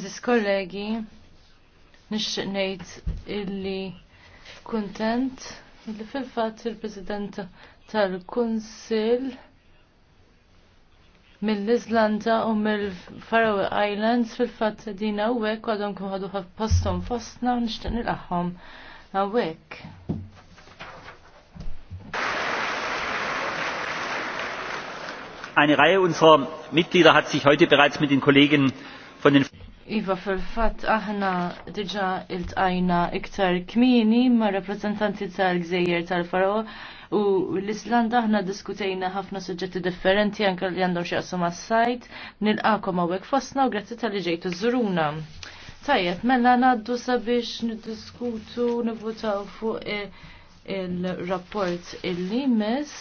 Aziz kollegi, nixtieq nejt illi kontent illi fil fat il-President tal kunsil mill izlanda u mill-Faroe Islands fil fat dina din hawnhekk għadhom kien għad posthom fostna u nil nilqahom għawek. Eine Reihe unserer Mitglieder hat sich heute bereits mit den Kollegen von den Iva, fil-fat aħna diġa il tajna iktar kmini ma' rappresentanti tal-gżejjer tal faro u l-Islanda aħna diskutejna ħafna suġġetti differenti anke li għandhom xieqsu għas sajt nilqakom għawek fosna u grazzi tal-li ġejtu żuruna. Tajjeb, mela naddu sabiex niddiskutu nivutaw fuq eh, il-rapport il-limes.